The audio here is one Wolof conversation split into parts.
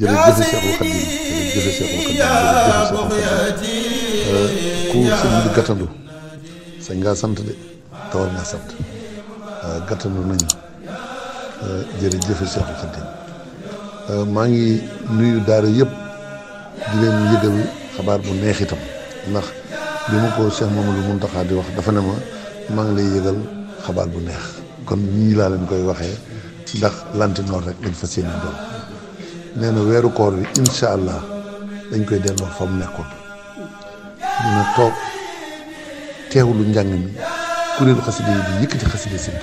jërëjëf Seexul Xadiim jërëjëf Seexul Xadiim eh, ku sëñ bi gàttandu sañ ngaa sant de tawar ngaa sant eh, gàttandu nañu eh, jërëjëf Seexul Xadiim maa ngi nuyu daara yëpp di leen yëgal xabaar bu neex itam ndax bi ma ko Cheikh Mamadou Mountakha di wax dafa ne ma maa ngi lay yëgal xabaar bu neex kon ñii laa leen koy waxee ndax lantinoor rek lañ fas yéene doon nee na weeru koor bi incha allah dañ koy delloo fa mu nekkoon dina toog teewlu njàng mi kuréelu xasida yi di yëkkati xasida Sëñ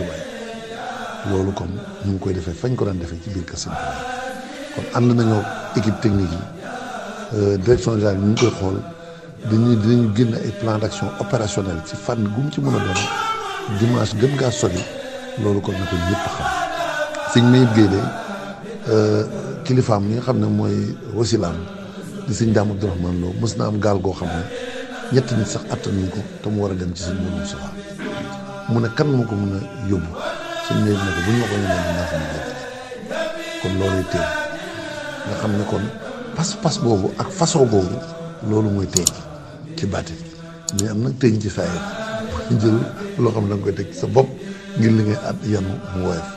loolu comme ñu ngi koy defee fañ ko daan defee ci biir kër Sëñ Tuubaa kon ànd nañoo équipe technique yi euh, direction générale ñu ngi koy xool dañuy dinañu génn ay plan d'action opérationnel ci fànn gum ci mën a doon dimanche gën ngaa sori loolu kon na ko ñëpp xam sëñ Mayib Guèye de euh, kilifaam li nga xam ne mooy wasilaam di sëñ daam abdourahman Lo mës na am gaal goo xam ne ñetti nit sax attanuñ ko te mu war a dem ci sëñ Mourou Moussa mu ne kan moo ko mën a yóbbu sëñ Mawir ne ko bu ñu la ko ñemee dinaa fa ñu kon loolu téye nga xam ne kon pas-pas boobu ak façon boobu loolu mooy téye ci bàtte mais am nag téye ci saa yi jël loo xam ne da nga koy teg sa bopp ngir li ngay at yanu mu woyof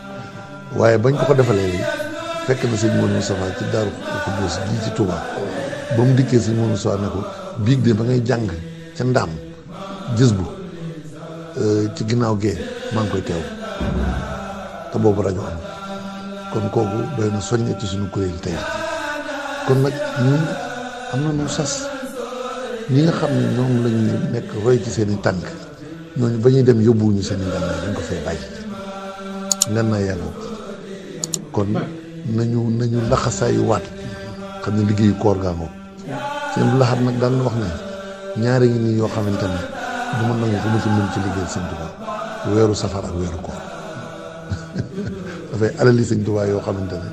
waaye bañ ko ko defalee fekk na sëñ Mourou Moustapha ci Daaru Xuddoos gii ci Touba ba mu dikkee sëñ Mourou Moustapha ne ko biig de ba ngay jàng ca ndaam gis bu euh, ci ginnaaw gee maa ngi koy teew te boobu rajo am kon kooku doy na soññe ci suñu kuréel tey kon nag ñun am na nu sas ñi nga xam ne ñoom lañu nekk roy ci seen i tànk ñooñu ba ñuy dem yóbbuwuñu seen i ngànnaay dañ ko fay bàyyi ngànnaay yàlla kon nañu nañu laxasay wat xamni ne liggéeyu koor gaa ngoog seen laxat nak dal wax ne ñaari ngi ni yo xamantene ne du ma nangu ko mu ci mën ci liggéeyal sëñ Tuubaa weeru safar ak weeru koor dafay alali sëñ Tuubaa yo xamantene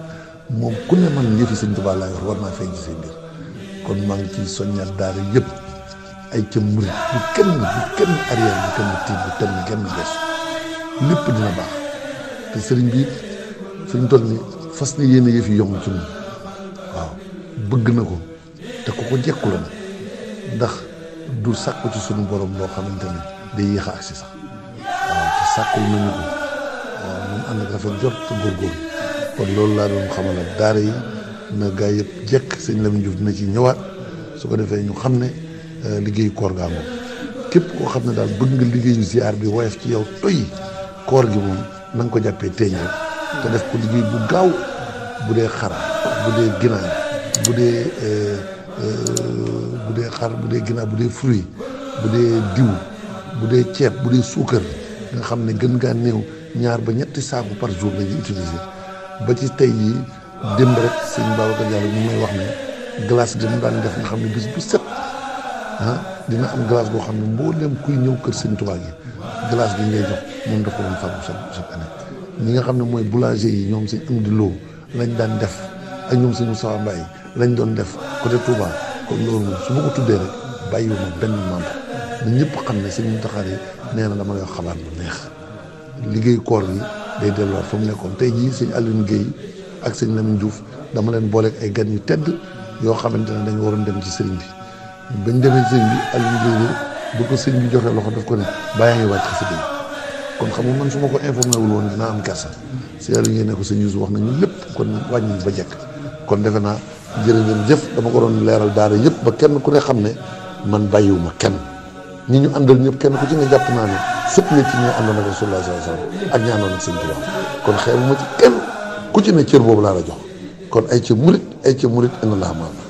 mom ku ne man yëfi sëñ Tuubaa lay wax war na fay ci seen bir kon ma ngi ci soñal daara yëpp ay ci murit bu kenn bu kenn arrière bu kenn tib bu kenn kenn des lepp dina bax te serigne bi serigne ñu fas na yéene yëf yi yomb ci moom waaw bëgg na ko te ko ko jekku la ndax du sàkku ci sunu boroom loo xamante ne day yéex a jot te góorgóorlu kon loolu laa doon xamal ak daara yi na gaa yëpp jekk sëñ Lamine Diouf dina ci ñëwaat su ko defee ñu xam ne euh, liggéeyu koor gaa moom képp koo xam ne daal bëgg nga liggéeyu ziar bi woyof ci yow toy koor gi moom na ko jàppee teeñ rek te def ko liggéey bu gaaw bu dee xar bu dee gina bu dee euh, euh, bu dee xar bu dee gina bu dee fruit bu dee diw bu dee ceeb bu dee suukar nga xam ne gën ngaa néew ñaar ba ñetti saako par jour la ñuy utiliser ba ci tey yi démb rek sëñ Babacar Diallo ñu may wax ne glace di mu daan def nga xam ne bis bu set ah dina am glace boo xam ne mboolem kuy ñëw kër sëñ Tuubaa gi glace gi ngay jox moom dafa doon fàggu sa sa année ñi nga xam ne mooy boulanger yi ñoom seen am di loo lañ daan def ak ñoom seen Moussa Mbaye lañ doon def côté Touba kon loolu moom su ma ko tuddee rek bàyyiwuma benn membre ñëpp xam ne seen taxaar nee na dama lay xabaar bu neex liggéey koor bi day delluwaat fa mu nekkoon tey jii sëñ Alioune Guèye ak sëñ Lamine Diouf dama leen booleeg ay gan yu tedd yoo xamante ne dañ waroon dem ci sëriñ bi bañ demee ci sëriñ bi Alioune Guèye bu ko sëriñ bi joxee loxo daf ko ne bàyyi ngi wàcc xasida yi kon xam nga man su ma ko informé wul woon dinaa am kersa si yàlla ngeen ne ko sëñ Youssou wax nañu lépp kon wàññi ba jekk kon defe naa jërë ngeen jëf dama ko doon leeral daara yëpp ba kenn ku ne xam ne man bàyyiwuma kenn ñi ñu àndal ñëpp kenn ku ci ne jàpp naa ne sëpp nga ci ñoo àndoon ak Rasulullah sallallahu alayhi wasallam ak ñaanoon ak sëñ Tuubaa kon xeebuma ci kenn ku ci ne cër boobu laa la jox kon ay ca murit ay ca murit ina laa maama